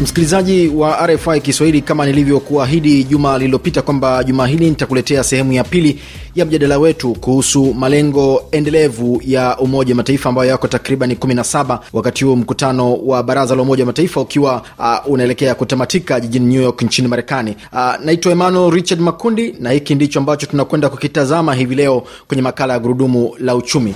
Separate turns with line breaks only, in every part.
Msikilizaji wa RFI Kiswahili, kama nilivyokuahidi juma lililopita kwamba juma hili nitakuletea sehemu ya pili ya mjadala wetu kuhusu malengo endelevu ya Umoja Mataifa ambayo yako takriban 17 wakati huo mkutano wa Baraza la Umoja Mataifa ukiwa uh, unaelekea kutamatika jijini New York nchini Marekani. Uh, naitwa Emmanuel Richard Makundi na hiki ndicho ambacho tunakwenda kukitazama hivi leo kwenye makala ya Gurudumu la Uchumi.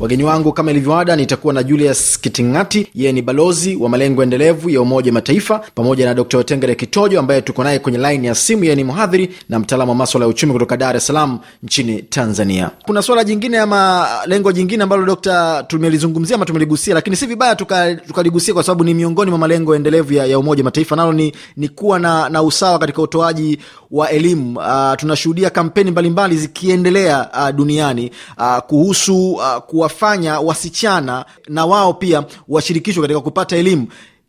Wageni wangu kama ilivyoada, nitakuwa na Julius Kitingati, yeye ni balozi wa malengo endelevu ya Umoja Mataifa, pamoja na Dr. tengere Kitojo ambaye tuko naye kwenye laini ya simu, yeye ni mhadhiri na mtaalamu wa maswala ya uchumi kutoka Dar es Salaam nchini Tanzania. Kuna swala jingine ama lengo jingine ambalo Dokta tumelizungumzia ama tumeligusia, lakini si vibaya tukaligusia tuka kwa sababu ni miongoni mwa malengo endelevu ya, ya Umoja Mataifa, nalo ni, ni kuwa na, na usawa katika utoaji wa elimu. Uh, tunashuhudia kampeni mbalimbali zikiendelea uh, duniani uh, kuhusu uh, kuwa kuwafanya wasichana na wao pia washirikishwe katika kupata elimu.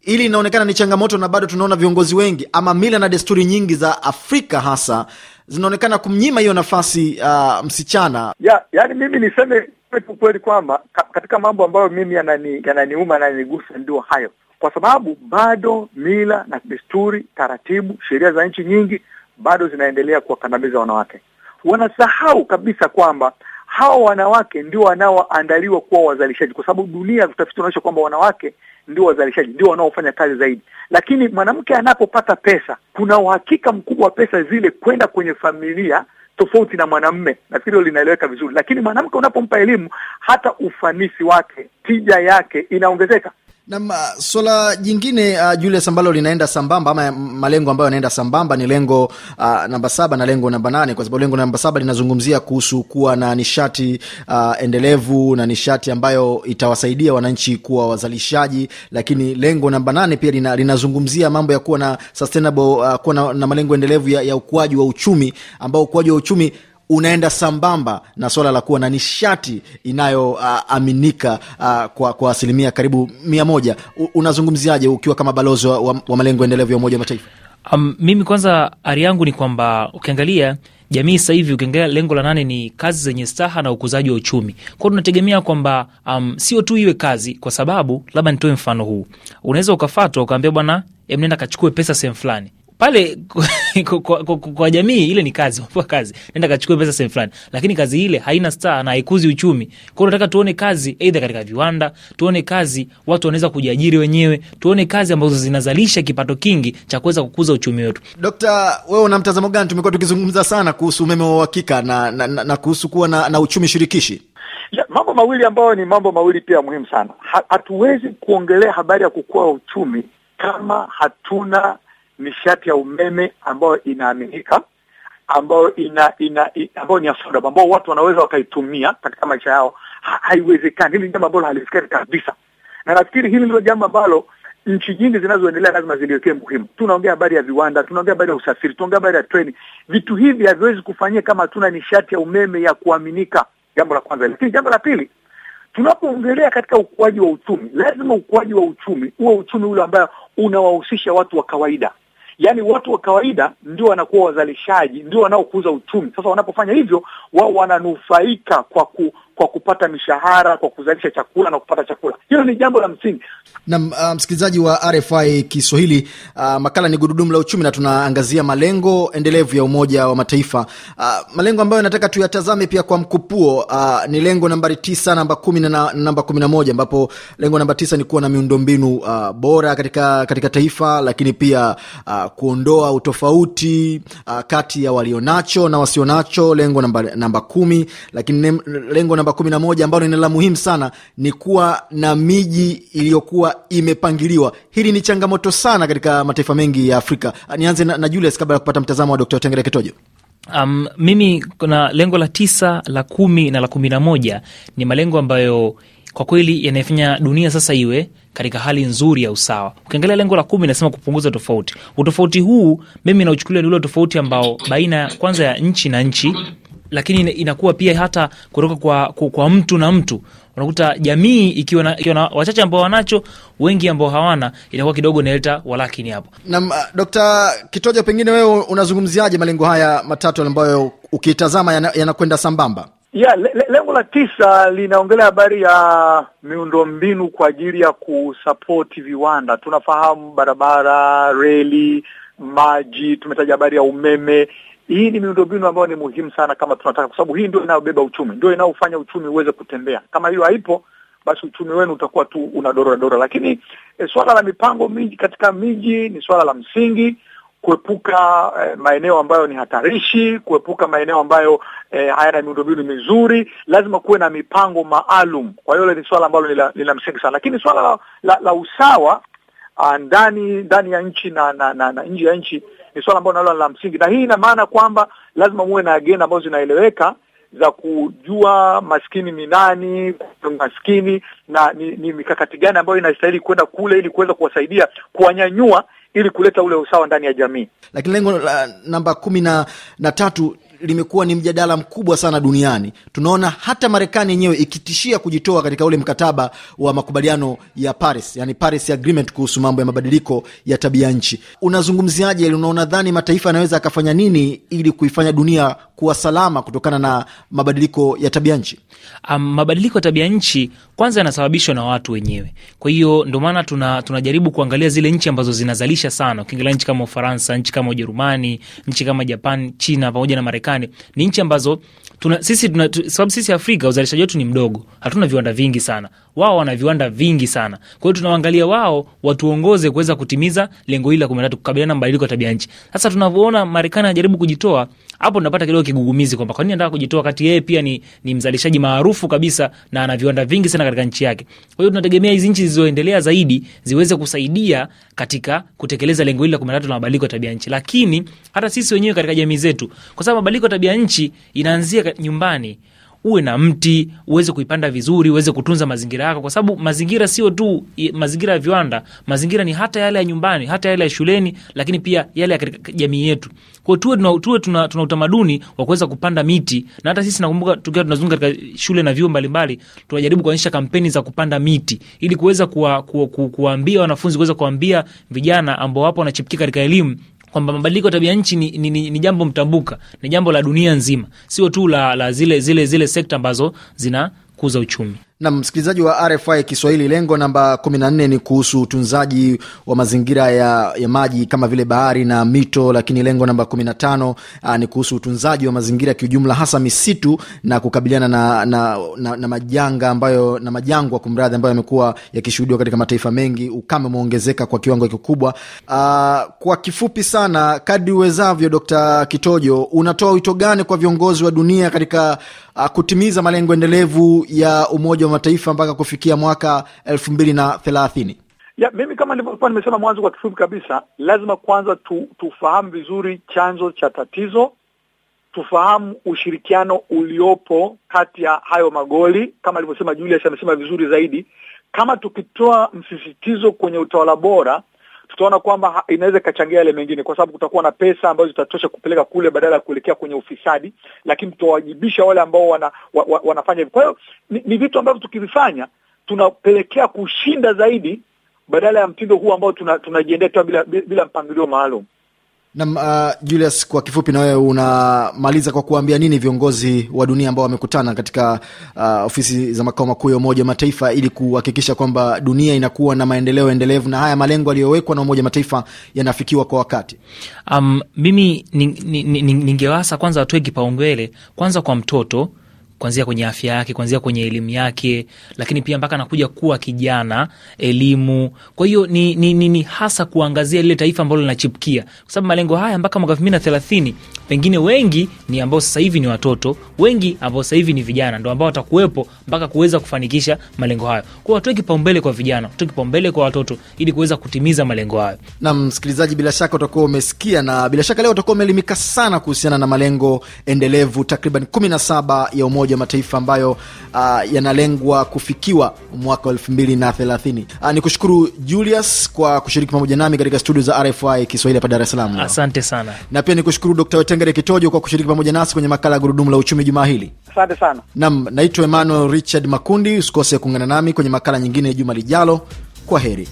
ili inaonekana ni changamoto, na bado tunaona viongozi wengi ama mila na desturi nyingi za Afrika hasa zinaonekana kumnyima hiyo nafasi uh, msichana
ya, yani mimi niseme tu kweli kwamba katika mambo ambayo mimi yananiuma yananigusa ndio hayo, kwa sababu bado mila na desturi, taratibu, sheria za nchi nyingi bado zinaendelea kuwakandamiza wanawake. Wanasahau kabisa kwamba hawa wanawake ndio wanaoandaliwa kuwa wazalishaji, kwa sababu dunia, utafiti unaonyesha kwamba wanawake ndio wazalishaji, ndio wanaofanya kazi zaidi. Lakini mwanamke anapopata pesa, kuna uhakika mkubwa wa pesa zile kwenda kwenye familia tofauti na mwanamme. Nafikiri hilo linaeleweka vizuri, lakini mwanamke unapompa elimu, hata ufanisi wake, tija yake inaongezeka. Na
ah, swala jingine uh, Julius, ambalo linaenda sambamba ama malengo ambayo yanaenda sambamba ni lengo uh, namba saba na lengo namba nane kwa sababu lengo namba saba linazungumzia kuhusu kuwa na nishati uh, endelevu na nishati ambayo itawasaidia wananchi kuwa wazalishaji, lakini lengo namba nane pia lina, linazungumzia mambo ya kuwa na sustainable, uh, kuwa na, na malengo endelevu ya, ya ukuaji wa uchumi ambao ukuaji wa uchumi unaenda sambamba na swala la kuwa na nishati inayoaminika uh, uh, kwa, kwa asilimia karibu mia moja. Unazungumziaje ukiwa kama balozi wa, wa,
wa malengo endelevu ya Umoja wa Mataifa? Um, mimi kwanza ari yangu ni kwamba ukiangalia jamii sasa hivi ukiangalia lengo la nane ni kazi zenye staha na ukuzaji wa uchumi. Kwao tunategemea kwamba um, sio tu iwe kazi, kwa sababu labda nitoe mfano huu, unaweza ukafatwa ukaambia bwana, emnenda kachukue pesa sehemu fulani pale kwa, kwa, kwa, kwa jamii ile ni kazi, wapea kazi, nenda kachukue pesa sehemu fulani, lakini kazi ile haina staa na haikuzi uchumi. Kwa hiyo nataka tuone kazi aidha katika viwanda, tuone kazi watu wanaweza kujiajiri wenyewe, tuone kazi ambazo zinazalisha kipato kingi cha kuweza kukuza uchumi wetu.
Dokta, wewe una mtazamo gani? Tumekuwa tukizungumza sana kuhusu umeme wa uhakika na, na, na, na kuhusu kuwa na, na uchumi shirikishi
ya, mambo mawili ambayo ni mambo mawili pia muhimu sana. Hatuwezi kuongelea habari ya kukua uchumi kama hatuna nishati ya umeme ambayo inaaminika ambayo ina, ina, ina ambayo ni affordable ambayo watu wanaweza wakaitumia katika maisha yao. Haiwezekani, hili jambo ambalo halifikiri kabisa, na nafikiri hili ndilo jambo ambalo nchi nyingi zinazoendelea lazima ziliwekee muhimu. Tunaongea habari ya viwanda, tunaongea habari ya usafiri, tunaongea habari ya treni. Vitu hivi haviwezi kufanyia kama hatuna nishati ya umeme ya kuaminika, jambo la kwanza. Lakini jambo la pili, tunapoongelea katika ukuaji wa uchumi, lazima ukuaji wa uchumi uwe uchumi ule ambayo unawahusisha watu wa kawaida. Yaani watu wa kawaida ndio wanakuwa wazalishaji, ndio wanaokuza uchumi. Sasa wanapofanya hivyo, wao wananufaika kwa ku kwa kupata mishahara, kwa kuzalisha chakula na kupata chakula. Hilo ni jambo la msingi.
Na uh, msikilizaji wa RFI Kiswahili, uh, makala ni gurudumu la uchumi na tunaangazia malengo endelevu ya Umoja wa Mataifa. Uh, malengo ambayo nataka tuyatazame pia kwa mkupuo uh, ni lengo nambari tisa, namba kumi na namba kumi na moja ambapo lengo namba tisa ni kuwa na miundombinu uh, bora katika, katika taifa, lakini pia uh, kuondoa utofauti uh, kati ya walionacho na wasionacho, lengo namba, namba kumi, lakini lengo namba namba 11 ambalo ni la muhimu sana ni kuwa na miji iliyokuwa imepangiliwa. Hili ni changamoto sana katika mataifa mengi ya Afrika. Nianze na, na Julius kabla ya kupata mtazamo wa Dr. Tengere Kitojo.
Um, mimi kuna lengo la tisa, la kumi na la kumi na moja ni malengo ambayo kwa kweli yanayofanya dunia sasa iwe katika hali nzuri ya usawa. Ukiangalia lengo la kumi nasema kupunguza tofauti. Utofauti huu mimi nauchukulia ni ule tofauti ambao baina kwanza ya nchi na nchi, lakini inakuwa pia hata kutoka kwa, kwa, kwa mtu na mtu unakuta jamii ikiwa na, ikiwa na wachache ambao wanacho wengi ambao hawana inakuwa kidogo inaleta walakini hapo.
Naam, ah, Dkt. Kitojo, pengine wewe unazungumziaje malengo haya matatu ambayo ukitazama yanakwenda yana sambamba?
Yeah, le, le, lengo la tisa linaongelea habari ya miundo mbinu kwa ajili ya kusapoti viwanda. Tunafahamu barabara, reli, maji, tumetaja habari ya umeme hii ni miundombinu ambayo ni muhimu sana kama tunataka, kwa sababu hii ndio inayobeba uchumi, ndio inayofanya uchumi uweze kutembea. Kama hiyo haipo, basi uchumi wenu utakuwa tu una dora dora. Lakini e, swala la mipango miji katika miji ni swala la msingi, kuepuka e, maeneo ambayo ni hatarishi, kuepuka maeneo ambayo e, hayana miundombinu mizuri. Lazima kuwe na mipango maalum. Kwa hiyo ni swala ambalo ni la msingi sana, lakini swala la, la, la usawa ah, ndani ndani ya nchi na, na, na, na nje ya nchi ni swala ambalo nalo la msingi, na hii ina maana kwamba lazima muwe na agenda ambazo zinaeleweka za kujua maskini ni nani, maskini na ni, ni mikakati gani ambayo inastahili kwenda kule ili kuweza kuwasaidia kuwanyanyua ili kuleta ule usawa ndani ya jamii.
Lakini lengo la namba kumi na, na tatu limekuwa ni mjadala mkubwa sana duniani. Tunaona hata Marekani yenyewe ikitishia kujitoa katika ule mkataba wa makubaliano ya Paris, yani Paris Agreement kuhusu mambo ya mabadiliko ya tabia nchi. Unazungumziaje? Unaonadhani mataifa yanaweza akafanya nini ili kuifanya dunia kuwa salama kutokana na mabadiliko ya tabia nchi?
Um, mabadiliko ya tabia nchi kwanza yanasababishwa na watu wenyewe. Kwa hiyo ndo maana tuna, tunajaribu kuangalia zile nchi ambazo zinazalisha sana, ukiangalia nchi kama Ufaransa, nchi kama Ujerumani, nchi kama Japan, China pamoja na Marekani Marekani ni nchi ambazo tuna, sisi tuna, sababu sisi Afrika uzalishaji wetu ni mdogo, hatuna viwanda vingi sana. Wao wana viwanda vingi sana, kwa hiyo tunawaangalia wao watuongoze kuweza kutimiza lengo hili la kumi na tatu, kukabiliana na mabadiliko ya tabia nchi. Sasa tunavyoona Marekani anajaribu kujitoa hapo, tunapata kidogo kigugumizi kwamba kwa nini anataka kujitoa kati yeye pia ni, ni mzalishaji maarufu kabisa na ana viwanda vingi sana katika nchi yake. Kwa hiyo tunategemea hizi nchi zilizoendelea zaidi ziweze kusaidia katika kutekeleza lengo hili la kumi na tatu la mabadiliko ya tabia nchi, lakini hata sisi wenyewe katika jamii zetu, kwa sababu mabadiliko tabia nchi inaanzia nyumbani. Uwe na mti uweze kuipanda vizuri, uweze kutunza mazingira yako, kwa sababu mazingira sio tu mazingira ya viwanda. Mazingira ni hata yale ya nyumbani, hata yale ya shuleni, lakini pia yale ya jamii yetu. Kwa tuwe tuna, tuwe tuna, tuna utamaduni wa kuweza kupanda miti, na hata sisi nakumbuka tukiwa tunazunguka katika shule na vyuo mbalimbali, tunajaribu kuanzisha kampeni za kupanda miti ili kuweza kuwaambia kuwa, kuwa, kuwa wanafunzi, kuweza kuwaambia vijana ambao wapo wanachipkika katika elimu kwamba mabadiliko ya tabia nchi ni, ni, ni, ni jambo mtambuka, ni jambo la dunia nzima, sio tu la, la zile, zile, zile sekta ambazo zinakuza uchumi. Na msikilizaji
wa RFI Kiswahili, lengo namba 14 ni kuhusu utunzaji wa mazingira ya, ya maji kama vile bahari na mito, lakini lengo namba 15 ah, ni kuhusu utunzaji wa mazingira kiujumla, hasa misitu na kukabiliana na, na, na, na majanga ambayo na majangwa kumradhi, ambayo yamekuwa yakishuhudiwa katika mataifa mengi. Ukame umeongezeka kwa kiwango kikubwa. Ah, kwa kifupi sana, kadri uwezavyo, Dr. Kitojo, unatoa wito gani kwa viongozi wa dunia katika a, ah, kutimiza malengo endelevu ya Umoja wa Mataifa mpaka kufikia mwaka elfu mbili na thelathini.
Ya, mimi kama nilivyokuwa nimesema mwanzo, kwa kifupi kabisa, lazima kwanza tu, tufahamu vizuri chanzo cha tatizo, tufahamu ushirikiano uliopo kati ya hayo magoli. Kama alivyosema Julius, amesema vizuri zaidi, kama tukitoa msisitizo kwenye utawala bora tutaona kwamba inaweza ikachangia yale mengine, kwa sababu kutakuwa na pesa ambazo zitatosha kupeleka kule badala ya kuelekea kwenye ufisadi, lakini tutawajibisha wale ambao wana, wa, wa, wanafanya hivyo. Kwa hiyo ni, ni vitu ambavyo tukivifanya tunapelekea kushinda zaidi badala ya mtindo huu ambao tunajiendea tuna tu bila, bila mpangilio maalum.
Nam uh, Julius, kwa kifupi, na wewe unamaliza kwa kuambia nini viongozi wa dunia ambao wamekutana katika uh, ofisi za makao makuu ya Umoja Mataifa ili kuhakikisha kwamba dunia inakuwa na maendeleo endelevu na haya malengo yaliyowekwa na Umoja Mataifa
yanafikiwa kwa wakati? Um, mimi ningewasa kwanza watoe kipaumbele kwanza kwa mtoto kuanzia kwenye afya yake, kuanzia kwenye elimu yake, lakini pia mpaka anakuja kuwa kijana, elimu. Kwa hiyo ni, ni, ni, ni hasa kuangazia lile taifa ambalo linachipukia, kwa sababu malengo haya mpaka mwaka elfu mbili na thelathini pengine wengi ni ambao sasa hivi ni watoto, wengi ambao sasa hivi ni vijana ndo ambao watakuwepo mpaka kuweza kufanikisha malengo hayo. Kwao watoe kipaumbele kwa vijana, watoe kipaumbele kwa watoto ili kuweza kutimiza malengo hayo. Na msikilizaji,
bila shaka utakuwa umesikia na bila shaka leo utakuwa umeelimika sana kuhusiana na malengo endelevu takriban kumi na saba ya Umoja Umoja wa Mataifa ambayo uh, yanalengwa kufikiwa mwaka wa 2030. Uh, ni kushukuru Julius kwa kushiriki pamoja nami katika studio za RFI Kiswahili hapa Dar es Salaam.
Asante sana.
Na pia ni kushukuru Dr. Wetengere Kitojo kwa kushiriki pamoja nasi kwenye makala ya Gurudumu la Uchumi jumaa hili. Asante sana. Naam, naitwa Emmanuel Richard Makundi. Usikose kuungana nami kwenye makala nyingine juma lijalo. Kwa heri.